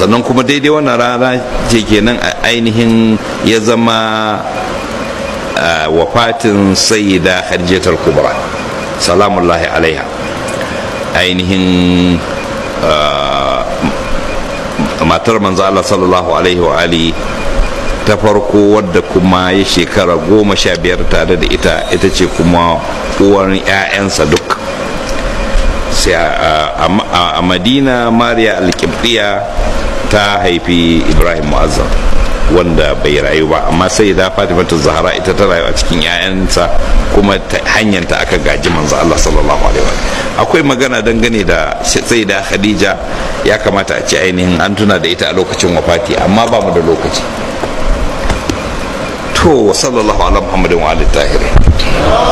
sannan kuma daidai wannan rana ce kenan a ainihin ya zama wafatin sayyida hajjatar kubra salamullahi alaiha ainihin matar manzo Allah sallallahu alaihi wa ali ta farko wadda kuma ya shekara goma sha biyar tare da ita ita ce kuma uwar 'ya'yansa duk sai a madina mariya alkibdiya ta haifi ibrahim mu'azzam wanda bai rayu ba amma sai da ta zahara ita ta rayu a cikin yayanta kuma hanyanta aka gaji manzo Allah sallallahu alaihi wa akwai magana dangane da sai da khadija ya kamata a ci ainihin an tuna da ita a lokacin wafati amma ba mu da lokaci to sallallahu sallam muhammadin wa alihi